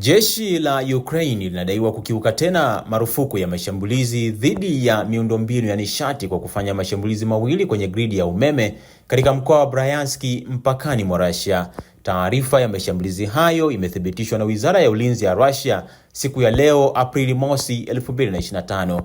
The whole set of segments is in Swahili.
Jeshi la Ukraine linadaiwa kukiuka tena marufuku ya mashambulizi dhidi ya miundombinu ya nishati kwa kufanya mashambulizi mawili kwenye gridi ya umeme katika mkoa wa Bryansk mpakani mwa Russia. Taarifa ya mashambulizi hayo imethibitishwa na Wizara ya Ulinzi ya Russia siku ya leo Aprili mosi 2025.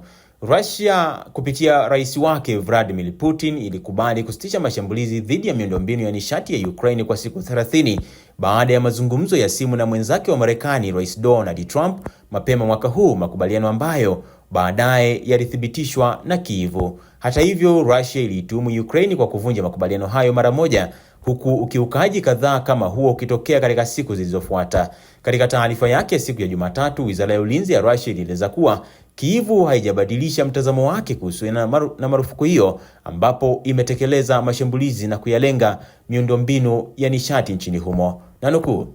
Russia kupitia rais wake Vladimir Putin ilikubali kusitisha mashambulizi dhidi ya miundombinu ya nishati ya Ukraine kwa siku 30 baada ya mazungumzo ya simu na mwenzake wa Marekani Rais Donald Trump mapema mwaka huu, makubaliano ambayo baadaye yalithibitishwa na Kiev. Hata hivyo, Russia iliituhumu Ukraine kwa kuvunja makubaliano hayo mara moja, huku ukiukaji kadhaa kama huo ukitokea katika siku zilizofuata. Katika taarifa yake siku ya Jumatatu, Wizara ya Ulinzi ya Russia ilieleza kuwa kivu haijabadilisha mtazamo wake kuhusiana na marufuku hiyo, ambapo imetekeleza mashambulizi na kuyalenga miundombinu ya nishati nchini humo. Nanukuu,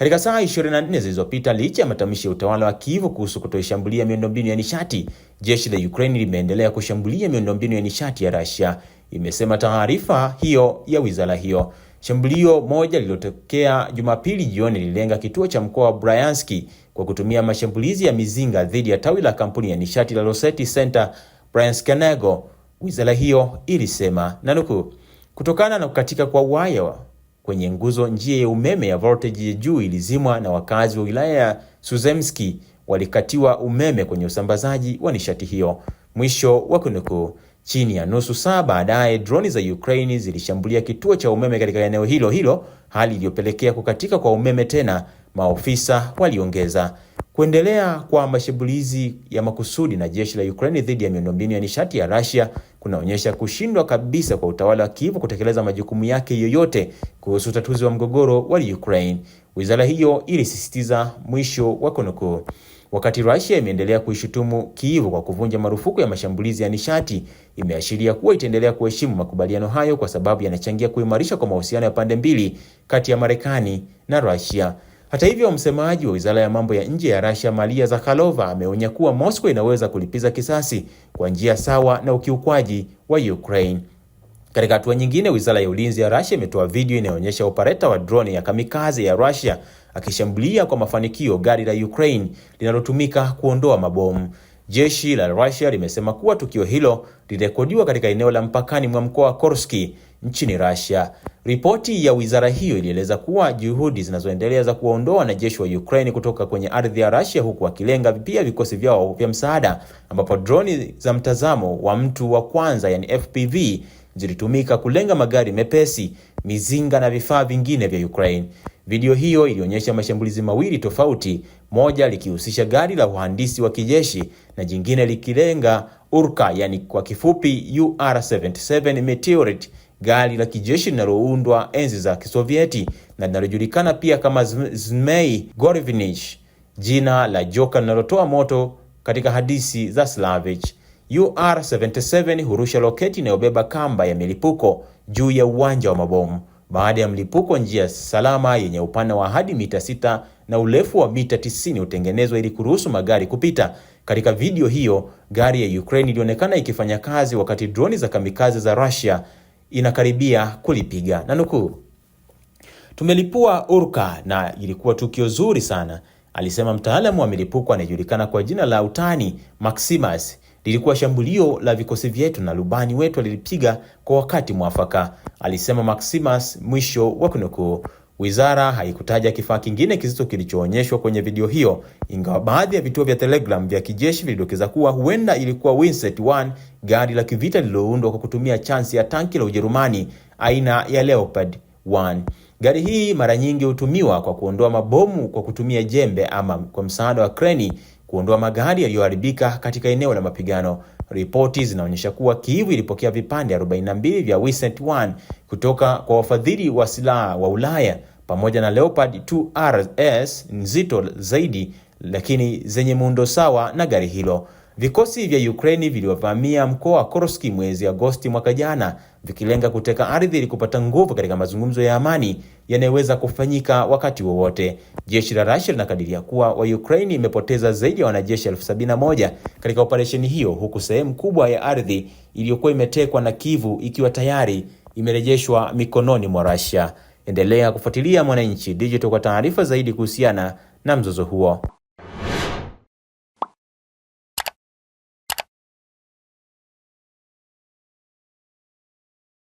katika saa 24 zilizopita, licha ya matamshi ya utawala wa Kyiv kuhusu kutoishambulia miundombinu ya nishati, jeshi la Ukraine limeendelea kushambulia miundombinu ya nishati ya Russia, imesema taarifa hiyo ya wizara hiyo. Shambulio moja lililotokea Jumapili jioni lililenga kituo cha mkoa wa Bryansk kwa kutumia mashambulizi ya mizinga dhidi ya tawi la kampuni ya nishati la Rosetti Center Bryansk-Energo, wizara hiyo ilisema, nanukuu, kutokana na kukatika kwa waya Kwenye nguzo, njia ya umeme ya voltage ya juu ilizimwa na wakazi wa wilaya ya Suzemski walikatiwa umeme kwenye usambazaji wa nishati hiyo. Mwisho wa kunukuu. Chini ya nusu saa baadaye, droni za Ukraine zilishambulia kituo cha umeme katika eneo hilo hilo, hali iliyopelekea kukatika kwa umeme tena, maofisa waliongeza. Kuendelea kwa mashambulizi ya makusudi na jeshi la Ukraine dhidi ya miundombinu ya nishati ya Russia kunaonyesha kushindwa kabisa kwa utawala wa Kyiv kutekeleza majukumu yake yoyote kuhusu utatuzi wa mgogoro wa Ukraine, wizara hiyo ilisisitiza, mwisho wa kunukuu. Wakati Russia imeendelea kuishutumu Kyiv kwa kuvunja marufuku ya mashambulizi ya nishati, imeashiria kuwa itaendelea kuheshimu makubaliano hayo kwa sababu yanachangia kuimarisha kwa mahusiano ya pande mbili kati ya Marekani na Russia. Hata hivyo, msemaji wa wizara ya mambo ya nje ya Russia Maria Zakharova ameonya kuwa Moscow inaweza kulipiza kisasi kwa njia sawa na ukiukwaji wa Ukraine. Katika hatua nyingine, wizara ya ulinzi ya Russia imetoa video inayoonyesha opereta wa droni ya kamikaze ya Russia akishambulia kwa mafanikio gari la Ukraine linalotumika kuondoa mabomu. Jeshi la Russia limesema kuwa tukio hilo lilirekodiwa katika eneo la mpakani mwa mkoa wa Kursk nchini Russia. Ripoti ya wizara hiyo ilieleza kuwa juhudi zinazoendelea za kuwaondoa wanajeshi wa Ukraine kutoka kwenye ardhi ya Russia huku wakilenga pia vikosi vyao vya msaada, ambapo droni za mtazamo wa mtu wa kwanza yani FPV zilitumika kulenga magari mepesi, mizinga na vifaa vingine vya Ukraine. Video hiyo ilionyesha mashambulizi mawili tofauti, moja likihusisha gari la uhandisi wa kijeshi na jingine likilenga Urka, yani kwa kifupi UR77 Meteorite gari la kijeshi linaloundwa enzi za Kisovieti na linalojulikana pia kama Zmei Gorivnich, jina la joka linalotoa moto katika hadithi za Slavic. UR-77 hurusha roketi inayobeba kamba ya milipuko juu ya uwanja wa mabomu. Baada ya mlipuko, njia salama yenye upana wa hadi mita sita na urefu wa mita tisini hutengenezwa ili kuruhusu magari kupita. Katika video hiyo, gari ya Ukraine ilionekana ikifanya kazi wakati droni za kamikaze za Russia inakaribia kulipiga na nukuu, tumelipua Urka na ilikuwa tukio zuri sana, alisema mtaalamu wa milipuko anayejulikana kwa jina la utani Maximus. Lilikuwa shambulio la vikosi vyetu na rubani wetu alilipiga kwa wakati mwafaka, alisema Maximus, mwisho wa kunukuu. Wizara haikutaja kifaa kingine kizito kilichoonyeshwa kwenye video hiyo, ingawa baadhi ya vituo vya Telegram vya kijeshi vilidokeza kuwa huenda ilikuwa Winset 1 gari la kivita lililoundwa kwa kutumia chansi ya tanki la Ujerumani aina ya Leopard 1. Gari hii mara nyingi hutumiwa kwa kuondoa mabomu kwa kutumia jembe ama kwa msaada wa kreni kuondoa magari yaliyoharibika katika eneo la mapigano. Ripoti zinaonyesha kuwa Kyiv ilipokea vipande 42 vya Winsett-1 kutoka kwa wafadhili wa silaha wa Ulaya pamoja na Leopard 2 RS nzito zaidi lakini zenye muundo sawa na gari hilo. Vikosi vya Ukraini viliovamia mkoa wa Kursk mwezi Agosti mwaka jana, vikilenga kuteka ardhi ili kupata nguvu katika mazungumzo ya amani yanayoweza kufanyika wakati wowote. Jeshi la Russia linakadiria kuwa wa Ukraini imepoteza zaidi ya wanajeshi elfu sabini na moja katika operesheni hiyo, huku sehemu kubwa ya ardhi iliyokuwa imetekwa na Kyiv ikiwa tayari imerejeshwa mikononi mwa Russia. Endelea kufuatilia Mwananchi Digital kwa taarifa zaidi kuhusiana na mzozo huo.